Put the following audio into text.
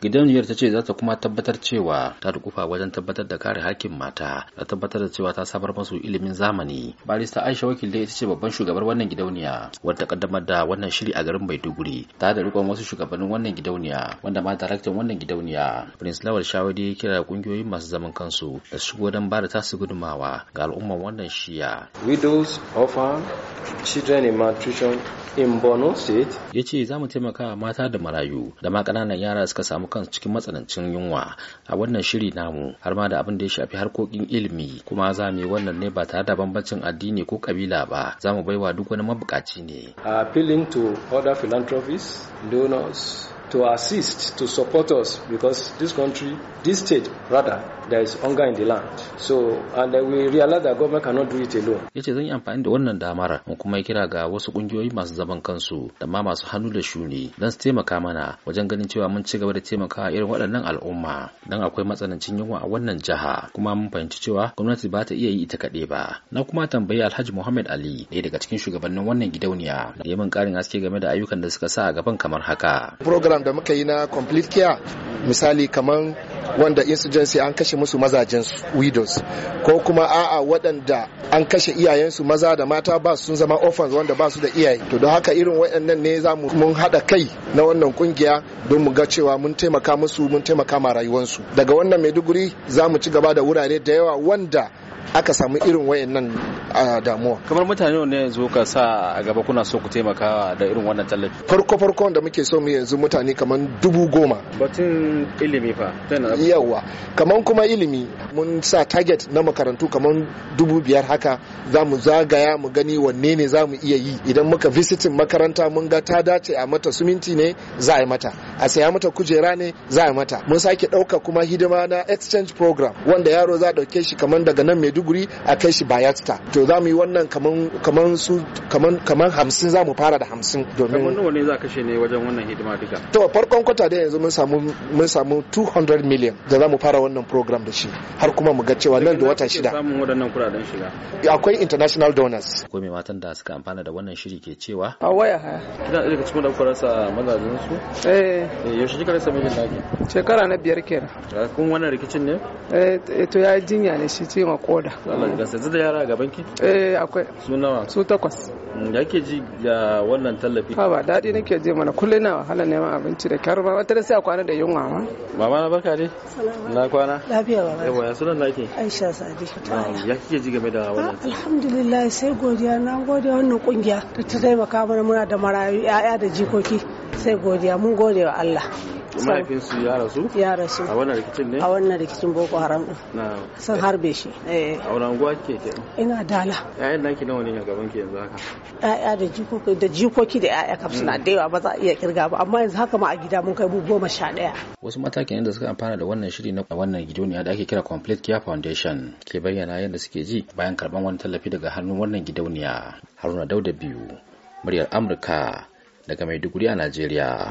gidauniyar ta ce za ta kuma tabbatar cewa ta rukufa wajen tabbatar da kare hakkin mata da tabbatar da cewa ta samar masu ilimin zamani barista aisha wakil da ita ce babban shugabar wannan gidauniya wadda kaddamar da wannan shiri a garin maiduguri ta da rikon wasu shugabannin wannan gidauniya wanda ma daraktan wannan gidauniya prince lawal shawadi ya kira kungiyoyin masu zaman kansu da shigo don ba da tasu gudumawa ga al'umman wannan shiya widows orphan children in matrician in borno state ya ce za mu taimaka mata da marayu da ma ƙananan yara suka samu samu kansu cikin matsanancin yunwa a wannan shiri namu har ma da abin da ya shafi harkokin ilimi kuma za mu yi wannan ne ba tare da bambancin addini ko kabila ba za mu baiwa duk wani mabukaci ne appealing to other philanthropists donors to assist, to support us because this country, this state rather, there is hunger in the land. So, and we realize that government cannot do it alone. Ya ce zan yi amfani da wannan damar mun kuma yi kira ga wasu kungiyoyi masu zaman kansu da ma masu hannu da shuni don su taimaka mana wajen ganin cewa mun ci gaba da taimakawa irin waɗannan al'umma don akwai matsanancin yunwa a wannan jiha kuma mun fahimci cewa gwamnati ba ta iya yi ita kaɗai ba. Na kuma tambayi Alhaji Muhammad Ali ɗaya daga cikin shugabannin wannan gidauniya da ya min ƙarin haske game da ayyukan da suka sa a gaban kamar haka. Program program da muka yi na complete care misali kamar wanda insurgency an kashe musu mazajen widows ko kuma a'a waɗanda an kashe iyayensu maza da mata ba sun zama orphans wanda ba su da iyaye to don haka irin waɗannan ne za mu mun haɗa kai na wannan kungiya don mu ga cewa mun taimaka musu mun taimaka ma rayuwarsu daga wannan maiduguri za mu ci gaba da wurare da yawa wanda aka samu irin nan a damuwa kamar mutane ne yanzu ka sa a gaba kuna so ku taimaka da irin wannan tallafi farko farko da muke so mu yanzu mutane kamar dubu goma batun ilimi fa yawa kamar kuma ilimi mun sa target na makarantu kamar dubu biyar haka za mu zagaya mu gani wanne ne za mu iya yi idan muka visitin makaranta mun ga ta dace a mata suminti ne za a yi mata a saya mata kujera ne za a yi mata mun sake ɗauka kuma hidima na exchange program wanda yaro za a ɗauke shi kamar daga nan mai maiduguri a kai shi bayatta to za mu yi wannan kaman su kaman hamsin za mu fara da hamsin domin kamar nawa ne za kashe ne wajen wannan hidima duka to farkon kwata da yanzu mun samu mun samu 200 million da za mu fara wannan program da shi har kuma mu ga cewa nan da wata shida samun waɗannan kuɗaɗen shiga akwai international donors ko mai matan da suka amfana da wannan shiri ke cewa a waya ha kina cikin da kurasa mazajin su eh. eh yaushe kika rasa mijin naki shekara na biyar kenan eh, kun wannan rikicin ne eh to eh, ya jinya ne shi ce ma koda da Allah ga sai da yara gaban ki eh akwai su nawa su takwas da mm, ke ji ga wannan tallafi ha ba dadi nake je mana kullun na wahala neman abinci da ba wata sai a kwana da yunwa ma mama na barka dai na kwana lafiya ba yawa ya sunan nake Aisha Sadi ya ke ji game da ah, wannan alhamdulillah sai godiya na gode wannan kungiya ta taimaka mana muna da marayu 'ya'ya da jikoki sai godiya mun gode wa Allah mahaifinsu ya rasu ya rasu a wannan rikicin ne a wannan rikicin boko haram din sun eh. harbe shi eh. a wani anguwa ke ke ina dala ƴaƴan naki nawa ne a gaban ki yanzu haka ƴaƴa da jikoki da jikoki da ƴaƴa kaf suna hmm. da yawa ba za a iya kirga ba amma yanzu haka ma a gida mun kai mu goma sha ɗaya wasu matakin da suka amfana da wannan shiri na wannan gidauniya da ake kira complete care foundation ke bayyana yadda suke ji bayan karɓan wani tallafi daga hannun wannan gidauniya haruna dauda biyu muryar amurka daga maiduguri a najeriya